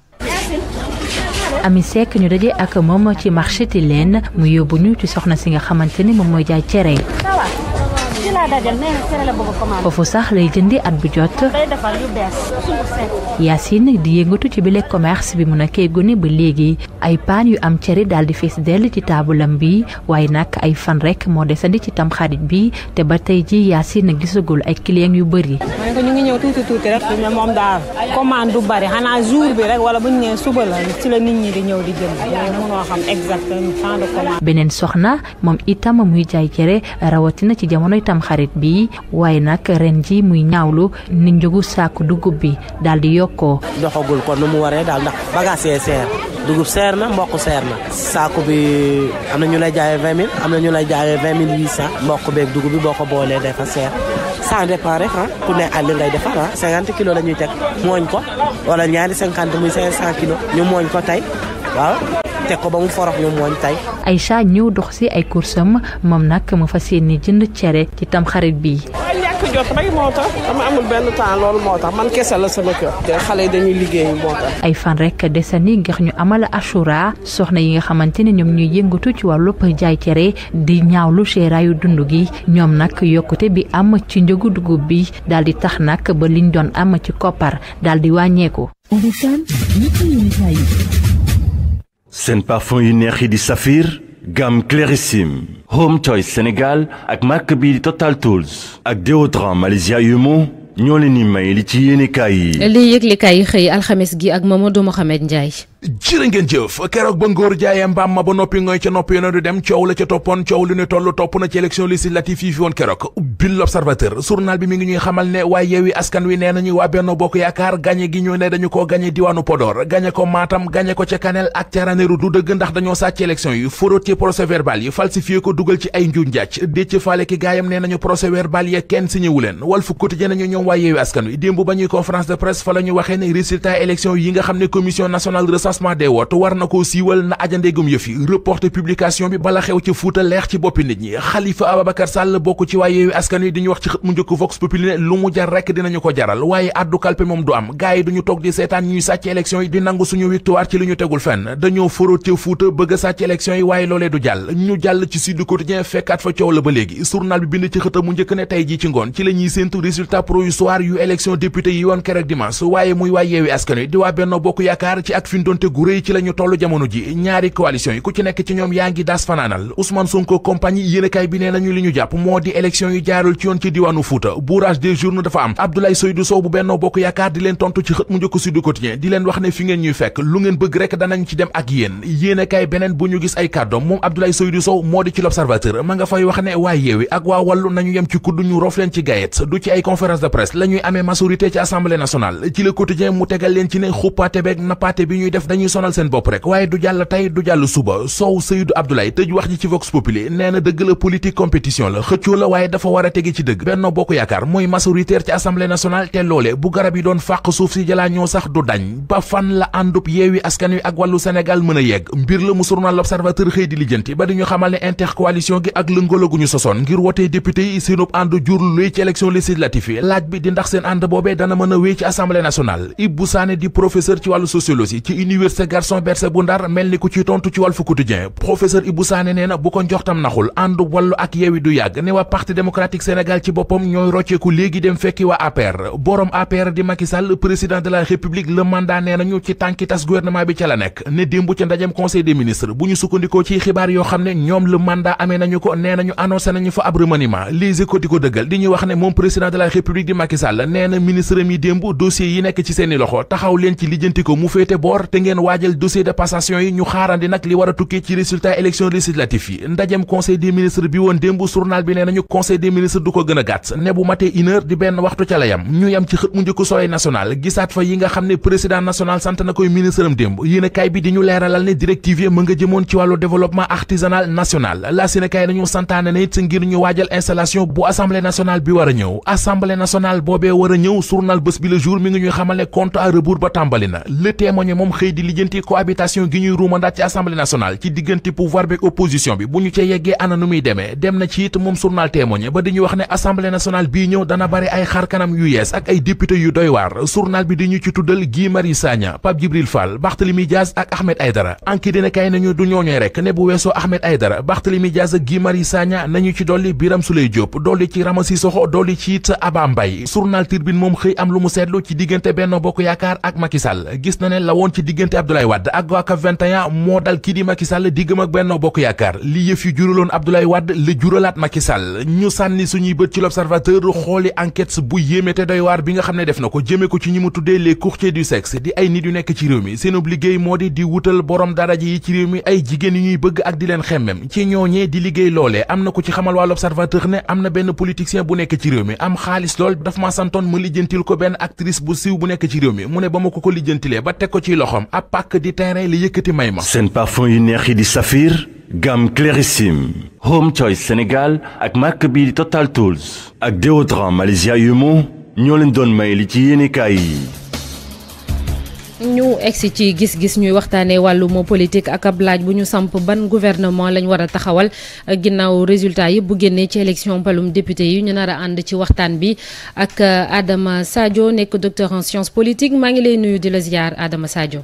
Ami Seck ñu daje ak moom ci marché Tilène mu yóbbu ñu ci soxna si nga xamante ni moom mooy jaay cere. fofu sax lay jëndi at bu jot yaasin di yëngatu ci bile commerce bi mu kay gone ba léegi ay pan yu am ciéré daal di fees dell ci tabulam bi way nak ay fan rek mo desandi ci tam xarit bi te ba tay ji yaasin gisagul ay client yu bëri ñu ngi ñëw tuti tuti rek ñu mom daal commande du bari xana jour bi rek wala buñ nee suba la ci la nit ñi di ñëw di jënd mëno xam exactement temps de commande benen soxna mom itam muy jay ciéré rawati na ci jamono tam tamxarit bi waaye nag ren ji muy ñaawlu ni njëgu sàkku dugub bi daal di yokkoo. doxagul ko nu mu waree daal ndax bagages yee seer dugub seer na mboq seer na saaku bi am na ñu lay jaayee vingt mille am na ñu lay jaayee vingt mille cent mboq beeg dugub bi boo ko boolee dafa seer sans dépend rek ah ku ne àll ngay defar ah cinquante kilos la ñuy teg mooñ ko wala ñaari cinquante muy cinq cent kilos ñu mooñ ko tey waaw teg ko ba mu forox ñu mooñ tey Aïcha ñëw dox si ay coursam moom nag mu fas jënd cere ci tam xarit bi ñàkk jot rek moo tax dama amul benn temps loolu moo tax man kese la sama kër xale yi dañuy liggéey amal soxna yi nga xamante ne ñoom ñuy yëngatu cere di ñaawlu seeraayu dund gi ñoom bi am ci njëgu dugub di tax nag ba liñ doon di wàññeeku seen parfum yu di Saphir gamme Clarissime Home Choice Sénégal ak marque bi di Total Tools ak deodorant Malaysia Yumo ñoo leen di may li ci yéenekaay yi. li yëglekaay yi xëy alxames gi ak Mamadou Mohamed Ndiaye. jërë ngeen jëf keroog ba ngóor jaayee mbaam ma ba noppi ngoy ca noppi yoon du dem coow la ca toppoon coow lu ne toll topp na ci élection législative yi fi woon keroog bil l'observateur journal bi mi ngi ñuy xamal ne waaye yeewi askan wi nee nañu waa Benno Bokk Yaakaar gañe gi ñu ne dañu ko gañe diwaanu Podor gañe ko Matam gañe ko ca Kanel ak ca du dëgg ndax dañoo sàcc élection yi forot ci procès verbal yi falsifié ko dugal ci ay njuuj ne résultat élection yi financement des woote war na siwel na ajandeegum yëf yi reporter publication bi bala xew ci lehchi leer ci nit ñi Khalifa Ababacar Sall bokku ci waye Yewwi Askan yi di wax ci mu njëkk Vox Populi lu mu jar rek dinañu ko jaral waye addu kalpe mom du am gaay duñu tok di seetaan ñuy sacc élection yi di nangu suñu victoire ci li tegul fenn dañu foroot ci bëgg sacc élection yi waye lolé du jall ñu jall ci Sud Quotidien fekkaat fa ciow la ba légui journal bi bind ci xët mu njëkk ne tay ji ci ngone ci la ñuy résultat provisoire yu élection député yi woon keroog dimanche waye muy waye Yewwi Askan yi di wa Benno bokku Yaakaar ci ak jàppalante ci la ñu jamono ji ñaari coalition yi ku ci nekk ci ñoom yaa ngi daas fanaanal Ousmane Sonko compagnie yéenekaay bi nee nañu li ñu jàpp moo di élection yu jaarul ci yoon ci diwaanu Fuuta bourrage des journaux dafa am Abdoulaye Seydou bu Benno Bokk Yaakaar di leen tontu ci xët mu njëkk Sud Quotidien di leen wax ne fi ngeen ñuy fekk lu ngeen bëgg rek danañ ci dem ak yéen yéenekaay beneen bu ñu gis ay kàddoom moom Abdoulaye Seydou moo di dañuy sonal seen bopp rek waaye du jàll tey du jàll suba Sow Seydou Abdoulaye tëj wax ji ci Vox populé nee na dëgg la politique compétition la xëccoo la waaye dafa war a tege ci dëgg Benno Bokk Yaakaar mooy majoritaire ci assemblée nationale te loole bu garab yi doon fàq suuf si jalaa ñoo sax du dañ ba fan la àndub yeewi askan wi ak wàllu Sénégal mën a yegg mbir la mu journal L'Observateur xëy di lijjanti ba di ñu xamal ne intercoalition gi ak lëngaloo gu ñu ngir wotee député yi seenub ànd jur luy ci laaj bi di seen ànd boobee dana mën a wéy ci assemblée nationale Ibou Sané di professeur ci wàllu sociologie ci Université Gaston Berger bu Ndar mel ni ku ci tontu ci Walf Quotidien professeur Ibou Sané nee na bu ko njortam naxul ànd wallu ak yeewi du yàgg ne waa parti démocratique Sénégal ci boppam ñooy rocceeku léegi dem fekki waa APR borom APR di Macky président de la République le mandat nee nañu ci tànki tas gouvernement bi ca la nekk ne démb ca ndajem conseil des bu ñu sukkandikoo ci xibaar yoo xam ne ñoom le mandat amee nañu ko nee nañu annoncé ngeen waajal dossier de passation yi ñu xaarandi nag li war a tukkee ci résultat élection législative yi ndajem conseil des bi woon démb journal bi nee nañu conseil des du ko gën a gàtt ne bu matee une di benn waxtu ca la yam ñu yam ci xët mu njëkk soleil national gisaat fa yi nga xam ne président national sant na koy ministre am démb yéen bi di ñu leeralal ne directive yi mu nga jëmoon ci wàllu développement artisanal national di lijjanti cohabitation gi ñuy ruumandaat ci assemblée nationale ci diggante pouvoir bi opposition bi bu ñu ci yeggee ana nu muy demee dem na ci it moom journal témoigné ba dañuy wax ne assemblée nationale bii ñëw dana bari ay xar kanam yu yees ak ay député yu doy waar journal bi di ñu ci tuddal Guy Marius Sagna Pape Djibril Fall Barthélémy Dias ak Ahmed Aïdara anki dina kay nañu du ñooñoy rek ne bu weesoo Ahmed Aïdara Barthélémy Dias ak Guy Marius Sagna nañu lu mu seetlu ci diggante Benno Bokk Yaakaar ak Macky Sall gis diggante Abdoulaye Wade ak waa CAP 21 moo dal kii di Macky Sall diggam ak Benno Bokk Yaakaar li yëf yu juraloon Abdoulaye Wade la juralaat Macky Sall ñu sànni suñuy bët ci l'observateur xooli enquête bu yéeme te doy waar bi nga xam ne def na ko jëme ko ci ñu mu tuddee les courtiers du sexe di ay nit yu nekk ci réew mi seen liggéey moo di di wutal borom daraja yi ci réew mi ay jigéen yu ñuy bëgg ak di leen xemmem ci ñooñee di liggéey loolee am na ko ci xamal waa l'observateur ne am na benn politicien bu nekk ci réew mi am xaalis lool daf ma santoon ma lijjantil ko benn actrice bu siiw bu nekk ci réew mi mu ne ba ma ko ko lijjantilee ba teg ko ci loxoom ab pàkk di terrain li yëkkati may ma seen parfum yu neex yi di Saphir gamme Clarissime Home Choice Sénégal ak marque bii di Total Tools ak déodorant Malaysia Yumo ñoo leen doon may li ci yéenekaay yi ñu egsi ci gis-gis ñuy waxtaanee wàllum politique ak ab laaj bu ñu samp ban gouvernement lañ war a taxawal ginnaaw résultat yi bu génnee ci élection palum député yi ñu nar ànd ci waxtaan bi ak Adama Sadio nekk docteur en sciences politiques maa ngi lay nuyu di la ziar Adama Sadio.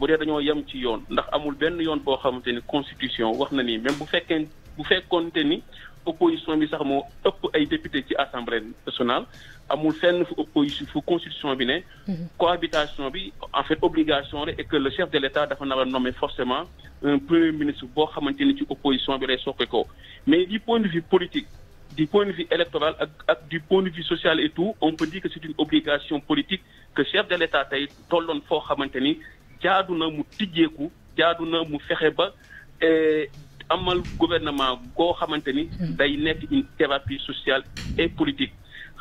bu dee dañoo yem ci yoon ndax amul benn yoon boo xamante ni constitution wax na ni même bu fekkee bu fekkoonte ni opposition bi sax moo ëpp ay député ci assemblée nationale amul fenn fu opposition fu constitution bi ne. Mhm. cohabitation bi en fait obligation la et que le chef de l'État dafa nar a nommer forcément un premier ministre boo xamante ni ci opposition bi lay mais du point de vue politique. du point de vue électoral ak ak du point de vue social et tout on peut dire que c'est une obligation politique que chef de l'État tey tolloon foo xamante ni jaaduna mu tijjeeku jaaduna mu fexe ba eh, amal gouvernement goo xamante ni hmm. day nekk une thérapie sociale et politique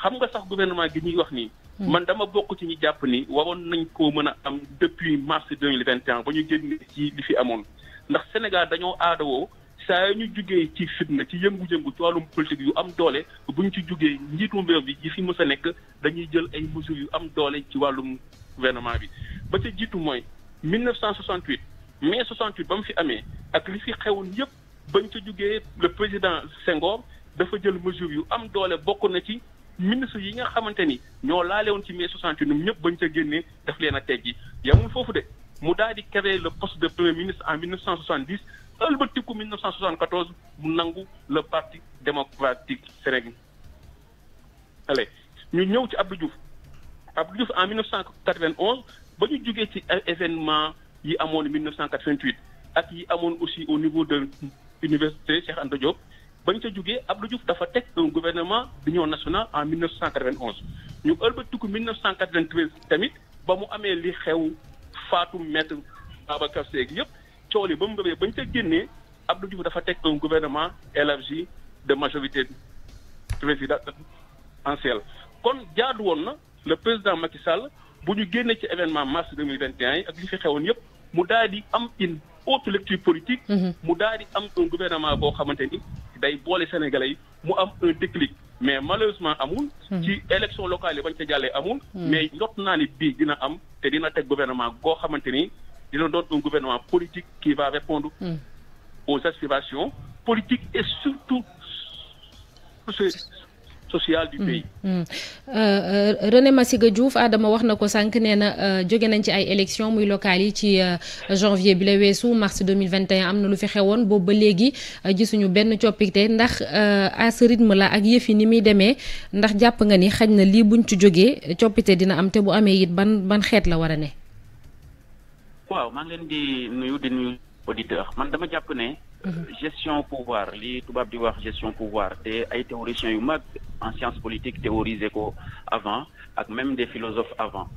xam nga sax gouvernement gi ñuy wax ni hmm. man dama bokk ci ñu jàpp ni waroon nañ ko mën a am depuis mars 2021 mille vingt et ba ñu génn ci li fi amoon ndax Sénégal dañoo aadawoo saa ñu jugee ci fitna ci yëngu-yëngu ci wàllum politique yu am doole buñ ci jugee njiitum réew bi yi fi mës a nekk dañuy jël ay mesures yu am doole ci wàllum gouvernement bi ba ca jiitu mooy 1968 mai 68 bam fi amé, ak li fi xewoon yëpp bañ juggé le président Senghor dafa jël mesure yu am doole bokk na ci ministre yi nga xamante ni ñoo laale woon ci mai 68 ñoom ñëpp bañ ca génné daf leen a teggi yamul foofu de mu daal di le poste de premier ministre en 1970 ëlbatiku 1974 mu nangu le parti démocratique sénégalais. allez ñu ñëw ci Abdou Diouf Abdou en 1991 bañu jugé ci événement yi amone 1988 ak yi amone aussi au niveau de l'université Cheikh Anta Diop ba ñu ca jugé Abdou Diouf dafa tek un gouvernement d'union nationale en 1991 ñu ëlbatiku 1993 tamit ba mu amee li xew Fatou maître Babacar Sèye yépp coow li ba mu bëree ba ñu ca Abdou Diouf dafa tek un gouvernement élargi de majorité présidentielle kon jaadu woon na le président Macky Sall bu ñu ci événement mars 2021 ak li fi xewoon yëpp mu daal am une haute lecture politique. Mhm. mu daal di am un gouvernement boo xamante ni day boole Sénégalais yi mu am un déclic mais malheureusement amul. Mhm. ci élection locale yi bañ ca jàllee amul. Mhm. mais njort naa ni bii dina am te dina teg gouvernement goo xamante ni dina doon un gouvernement politique qui va répondre aux aspirations politiques et surtout. sociale du mm, pays. Mm. Euh, euh, René Massiga Diouf Adama wax na ko sànq nee na euh, jóge nañ ci ay élections muy locales yi ci janvier bi la weesu mars 2021 am na lu fi xewoon boobu ba léegi gisuñu benn coppite ndax à ce la ak yëf yi ni muy demee ndax jàpp nga ni xaj na lii buñ ci jógee coppite dina am te bu amee it ban ban xeet la war a ne. waaw maa ngi di nuyu di nuyu auditeur man dama jàpp ne. Mhm. gestion pouvoir li di gestion pouvoir les ay théoriciens yu en sciences politiques théorisé ko avant ak même des philosophes avant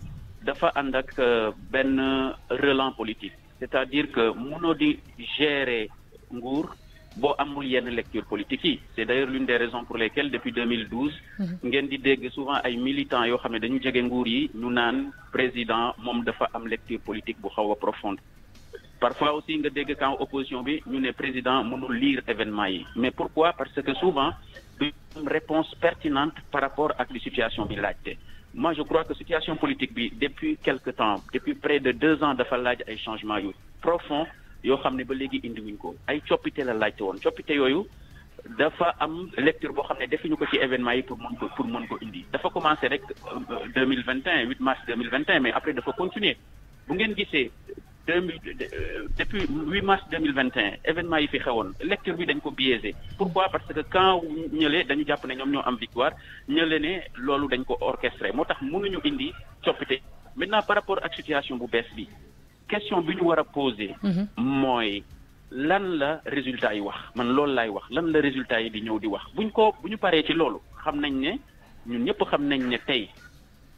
dafa a ak un euh, politique c'est-à-dire que mënoo di gérer ngour bo amul yenn lecture politique c'est d'ailleurs l'une des raisons pour lesquelles depuis 2012 mhm. ngeen di dégg souvent des militants qui ont dit dañu jege ngour yi président dafa lecture politique profonde parfois aussi nga dégg quand opposition bi ñu ne président mënul lire événement mais pourquoi parce que souvent du une réponse pertinente par rapport à la situation bi moi je crois que situation politique depuis quelque temps depuis près de deux ans dafa laaj ay changements profond yoo xam ne ba léegi ko ay coppite la laajte woon coppite yooyu dafa am lecture boo xam ne ko ci événement yi pour mën pour mën ko indi dafa commencé rek 2021 euh, 8 euh, mars 2021 mais après dafa continuer bu ngeen gisee euh, depuis 8 mars 2021 événement yi fi xewoon lecture bi dañ ko biaisé pourquoi parce que quand ñëlé dañu japp né ñom ñoo am victoire ñëlé né lolu dañ ko orchestré motax tax mënuñu indi coppite maintenant par rapport ak situation bu bess bi question bi ñu war poser moy mhm. lan la résultat yi wax man loolu lay wax lan la résultat yi di ñëw di wax buñ ko buñu paré ci lolu xam nañ né ñun ñëpp xam nañ né tay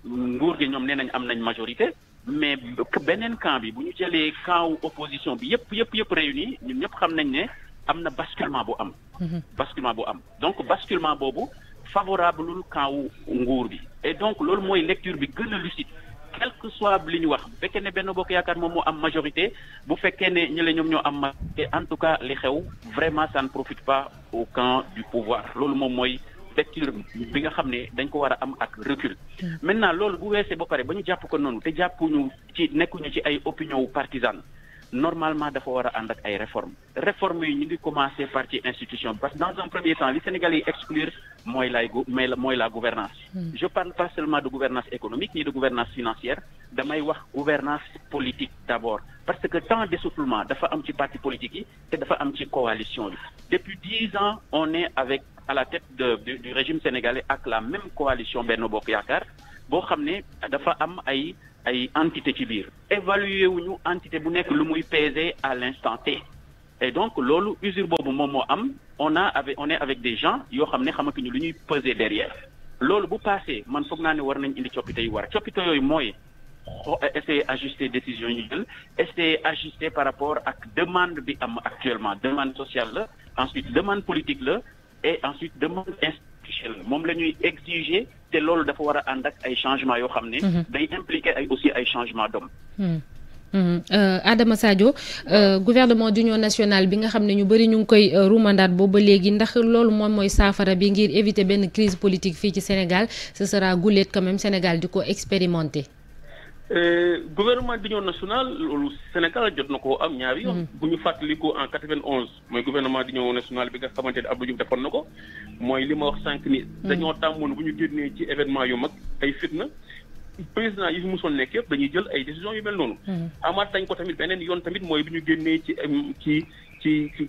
nguur gi ñom né nañ am nañ majorité mais benen camp bi bu ñu jëlee camp opposition bi yëpp yëpp yëpp réuni ñun ñëpp xam nañ ne am na basculement bu am. Mhm. basculement bu am donc basculement boobu favorable lul camp wu nguur bi. et donc loolu mooy lecture bi gën a lucide quel que soit li ñu wax bu fekkee ne benn bokk yaakaar moom moo am majorité bu fekkee ne ñu la ñoom ñoo am majorité en tout cas li xew vraiment ça ne profite pas au camp du pouvoir loolu moom mooy lecture bi nga xam ne dañ ko war a am ak recul. maintenant loolu bu weesee ba pare ba ñu jàpp ko noonu te jàppuñu ci opinion partisane normalement dafa war a ànd ak ay réformes réformes yi ñu commencé par ci institution parce que dans un premier temps les Sénégalais yi la gouvernance hmm. je parle pas seulement de gouvernance économique ni de gouvernance financière damay wax gouvernance politique d'abord parce que temps d'essoufflement dafa am ci parti politique yi te dafa am ci coalition depuis dix ans on est avec à la tête de du du régime sénégalais avec la même coalition Benno Bokk Yaakaar boo xam y dafa am ay ay entité ci biir évaluer wuñu entité bu nekk lu muy peser à l'instant T et donc lolo usure boobu momo am on a avec on est avec des gens yo xamné ne luñuy lu peser derrière lolo bu passé man foog naa war nañ indi coppite yu war coppite yoy moy essayer ajuster décision yi ñu jël essayer ajuster par rapport ak demande bi am actuellement demande sociale la ensuite demande politique la et ensuite demande institutionnelle moom la ñuy exiger té loolu dafa wara a ak ay changements yo mhm. impliquer ay aussi ay changements d'hommes. Hmm. Hmm. Euh, Adama Sadio euh, gouvernement d'union nationale bi nga xamné ñu le ñu ngi koy euh, roumandat boobu ba ce ndax loolu mom moy safara bi ngir éviter une crise politique fi Sénégal ce sera guléet quand même Sénégal du coup, expérimenter. Euh, gouvernement d'union nationale loolu Sénégal jot na koo am ñaari yoon. Mhm. bu ñu fàttaliku en quatre-vingt-onze mooy gouvernement d'union nationale bi nga xamante ne Abdou Diouf defoon na ko mooy li ma wax sànq ni mhm. dañoo tàmmoon bu ñu génnee ci événement yu mag ay fitna président yi fi mosoon nekk yëpp dañuy jël ay décisions yu mel noonu. Mhm. amaat nañ ko tamit beneen yoon tamit mooy bu ñu génnee ci ci ci.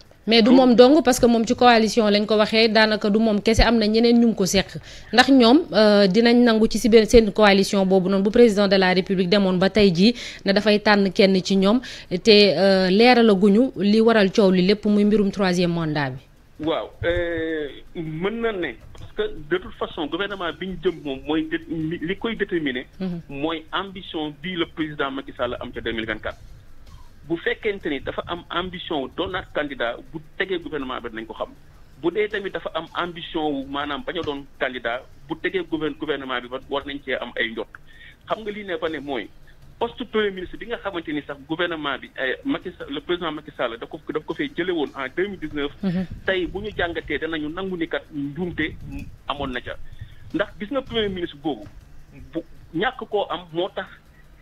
mais du suis dong parce que mom ci coalition lañ ko danaka du mom amna ñeneen ñum ko ndax je euh, dinañ nangu ci coalition bobu président de la république de ba ji na da fay tann kenn ci euh, li waral ciow li lepp muy mbirum troisième mandat bi. waaw euh, mën na parce que de toute façon gouvernement a jëm mom li koy mhm. ambition bi le président Macky Sall am ci 2024. bu fekkente ni dafa am ambition wu doonaat candidat bu tegee gouvernement bi nañ ko xam bu dee tamit dafa am ambition wu maanaam bañ a doon candidat bu tegee gouver gouvernement bi ba war nañ cee am ay njot xam nga lii ne ba ne mooy poste premier ministre bi nga xamante ni sax gouvernement bi eh, Macky Sall le président Macky Sall daf ko daf ko fee jële woon en deux mille dix neuf mhm. tey bu ñu jàngatee danañu nangu ni kat njuumte amoon na ca ndax gis nga premier ministre boobu bu ñàkk koo am moo tax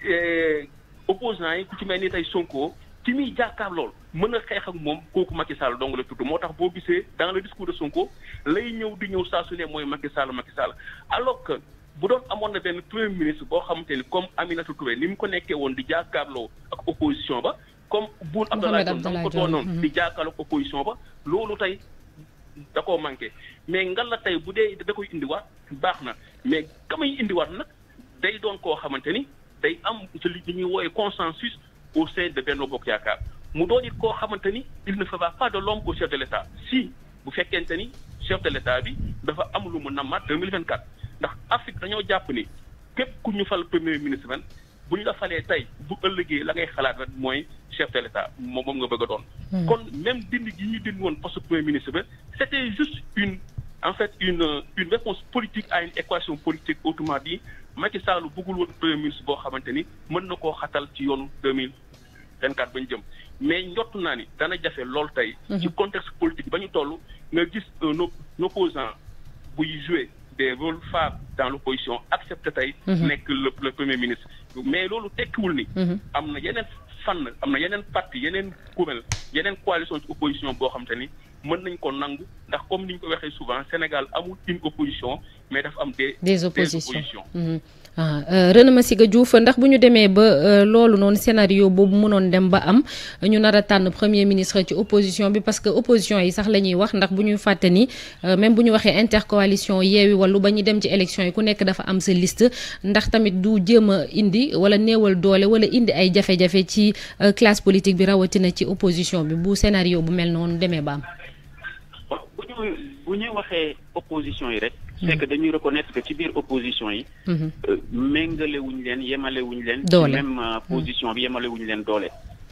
eh, opposants yi ku ci mel ni tey Sonko ci muy jàkkaar lool mën a xeex ak moom kooku Macky Sall dong la tudd moo tax boo gisee dans le discours de Sonko lay ñëw di ñëw saa su ne mooy Macky Sall Macky Sall alors que bu doon amoon na benn premier ministre boo xamante ni comme Aminata Touré ni mu ko nekkee woon di ak opposition ba comme Boun Abdallah Dionne na mu ko doonoon di mm-hmm. jàkkaarloo ak opposition ba loolu tey da koo manqué mais ngal la tey bu dee da koy indiwaat baax na mais ka may indiwaat nag day doon koo xamante ni day am li ñuy wooye consensus au sein de Benno Bokk Yaakaar mu doon it koo xamante ni il ne fera pas de l'homme au chef de l'État si bu fekkente ni chef de l'État bi dafa am lu mu nammaat 2024 ndax Afrique dañoo jàpp ni képp ku ñu fal premier ministre ren bu ñu la falee tey bu ëllëgee la ngay xalaat ren mooy chef de l'État moom moom nga bëgg a doon hmm. kon même dindi gi ñu dindi woon poste premier ministre ba c'était juste une en fait une une réponse politique à une équation politique autrement dit Macky Sall bëggul won premier ministre bo xamanteni ni mën na koo xatal ci yoon deux mille vingt jëm mais ñott naa ni dana jafé lool tay mhm. ci contexte politique bañu tollu toll nga gis un opposant buy jouer des rôles phares dans l'opposition accepté tay mhm. nek le premier ministre. mais loolu tekkiwul ni. Mhm. amna yenen fan amna yenen parti yenen kuréel yenen coalition ci opposition bo xamanteni mën nañ ko nangu ndax comme niñ ko waxee souvent Sénégal amul une opposition mais dafa am des des oppositions mm-hmm ah si euh, Massiga Diouf ndax bu ñu demee ba euh, loolu noonu scénario boobu mënoon dem ba am ñu nar a tànn premier ministre ci opposition bi parce que opposition yi sax la ñuy wax ndax bu ñu fàtte ni euh, même bu ñu waxee intercoalition yeewi wàllu ba ñu dem ci élection yi ku nekk dafa am sa liste ndax tamit du jéem a indi wala néewal doole wala indi ay jafe-jafe ci classe politique bi rawatina ci opposition bi bu scénario bu mel noonu demee ba am bu ñu waxee opposition yi rek. c'est hmm. que dañuy reconnaître que ci biir opposition yi. Hmm. Euh, méngalewuñ leen yemalewuñ leen. doole même euh, hmm. position bi yemalewuñ leen doole.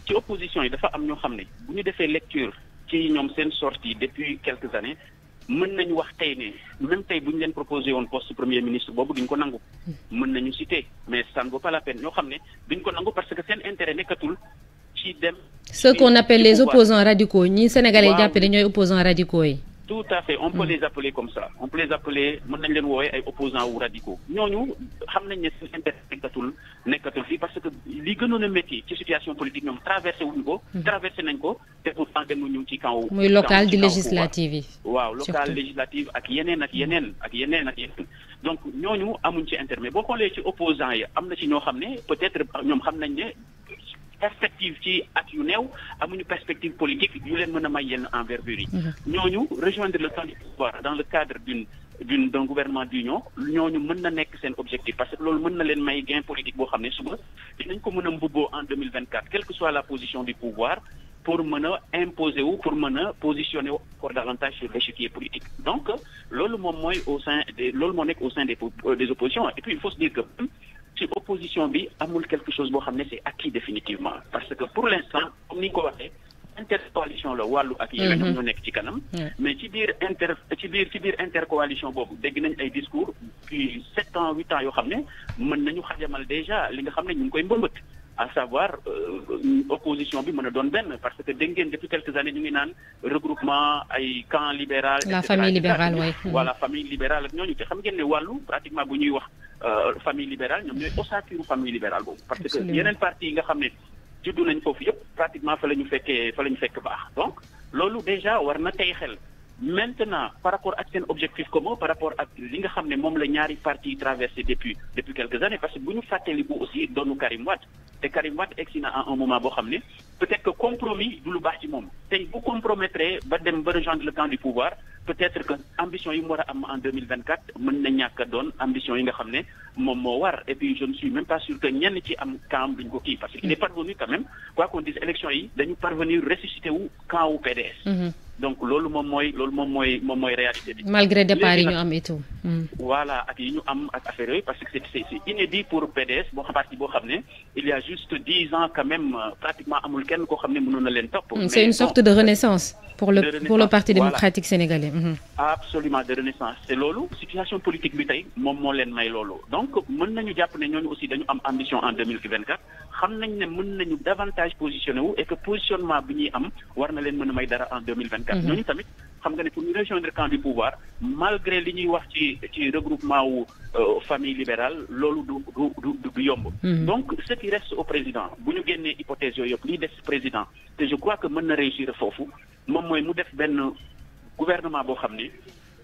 ci opposition yi dafa am ñoo xam ne bu ñu defee lecture ci ñoom seen sortie depuis quelques années mën nañu wax tey ne même tey bu ñu leen proposé woon poste premier ministre boobu duñ ko nangu. mën nañu citer mais ça ne vaut pas la peine ñoo xam ne ko nangu parce que seen intérêt nekkatul ci dem. ce qu'on appelle les opposants radicaux ñi sénégalais jàpp ne ñooy opposants radicaux yi tout à fait on peut mm. les appeler comme ça on peut les appeler mën nañ les opposants ou radicaux Nous, nous, nañ ne su seen nekkatul nekkatul fii parce que li gënoon a métti ci situation politique nous traversé wuñu ko mm. traversé nañ ko te pourtant demuñu ci kaw muy local di législative waaw local législative ak yeneen ak yeneen ak yenen ak yeneen donc ñooñu amuñ ci intermédiaire nous nous, ci opposants yi am ci ñoo xam peut-être nous xam nañ ne perspective ci at yu néew amuñu perspective politique yu leen mën may yenn envergure yi mhm. ñooñu rejoindre le camp du pouvoir dans le cadre d'une d'une d'un gouvernement d'union ñooñu mën na nekk seen objectif parce que loolu mën na leen may gain politique boo xam ne suba dinañ ko mën a en 2024 quelle que soit la position du pouvoir pour mën imposer ou pour mën positionner wu encore davantage sur l'échiquier politiques donc loolu moom mooy au sein des loolu moo nekk au sein des euh, des oppositions et puis il faut se dire que si opposition bi amul quelque chose bo xamné c'est acquis définitivement parce que pour l'instant comme ni ko waxé intercoalition la Walu ak qui ñoom mhm. ñoo nekk ci kanam mais ci biir inter ci biir ci biir intercoalition bobu dégg nañ ay discours puis 7 ans 8 ans yo xamné ne mën nañu xajamal déjà li nga xamné ñu koy à savoir euh, opposition bi mën a doon parce que dégg ngeen depuis quelques années ñu ngi naan regroupement ay camp libéral la famille libérale oui voilà famille libérale ak ñooñu te xam pratiquement bu ñuy wax euh, famille libérale ñoom ñooy ossature famille libérale boobu. parce que yeneen parti yi nga xam ne juddu nañ foofu yëpp pratiquement fa la ñu fekkee fa la ñu fekk baax donc loolu déjà war na tey xel. maintenant par rapport à seen objectif commun par rapport à li nga xam ne moom la ñaari parti traversé depuis depuis quelques années parce que bu ñu fàttaliku aussi doonu Karim wat te Karim wat egsi na à un moment boo xam peut-être que compromis du le baax ci compromettrez, vous bu rejoindre le camp du pouvoir peut-être que l'ambition yi en 2024 mën na ñàkk ambition yi et puis je ne suis même pas sûr que ñenn ci am camp duñ ko parce qu'il est parvenu quand même quoi qu'on dise élection yi dañu parvenir ressusciter le camp au PDS mhm. donc c'est ce que loolu moom réalité malgré départ yi ñu am tout. Mhm. voilà ak yi ñu am ak affaire parce que c'est inédit pour PDS bon parti bon il y a juste dix ans quand même euh, pratiquement il Mm, c'est une sorte de renaissance. pour le parti démocratique sénégalais. Mm-hmm. absolument de renaissance C'est loolu situation politique bi tey donc mën nañu aussi dañu am ambition en 2024 Nous nous davantage positionné et que positionnement bi ñuy am war na en 2024. Nous, avons ñooñu tamit xam camp du pouvoir malgré li ñuy wax ci ci regroupement wu euh, famille libérale loolu du du du mm-hmm. donc ce qui reste au président nous ñu une hypothèse yooyu président Et je crois que nous réussir pas. Moi, mooy nous def gouvernement bon xam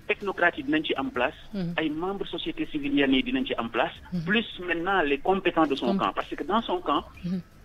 technocratique n'est en place hmm. ay membres société civile yi dinañ en place hmm. plus maintenant les compétents de son camp parce que dans son camp hmm.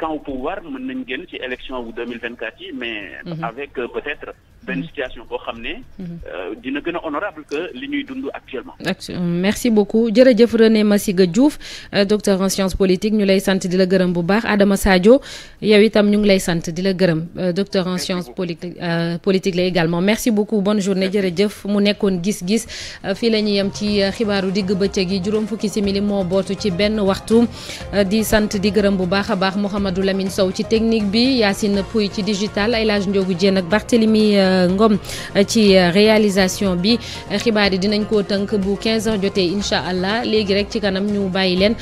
quand au pouvoir nous nañ génn ci élection bu 2024 yi mais mhm. avec euh, peut-être benn mhm. situation boo xam ne mhm. euh, dina gën honorable que li ñuy actuellement merci beaucoup jërëjëf René Massiga Diouf euh, docteur en sciences politiques ñu lay sant di la gërëm bu baax Adama Sadio yow itam ñu ngi lay sant di la gërëm docteur en sciences politiques politique également merci beaucoup bonne journée jërëjëf mu nekkoon gis-gis fii la ñuy yem ci xibaaru digg bëccëg yi juróom fukki simili moo bootu ci benn waxtu di sant di gërëm bu baax a baax Mouhamed Mamadou Lamine Sow ci technique bi Yacine Pouy ci digital El Hadj Ndiogou Diène ak Barthélemy euh, Ngom euh, ci euh, réalisation bi xibaar yi dinañ ko tënk bu 15h jotee incha allah léegi rek ci kanam ñu bàyyi leen.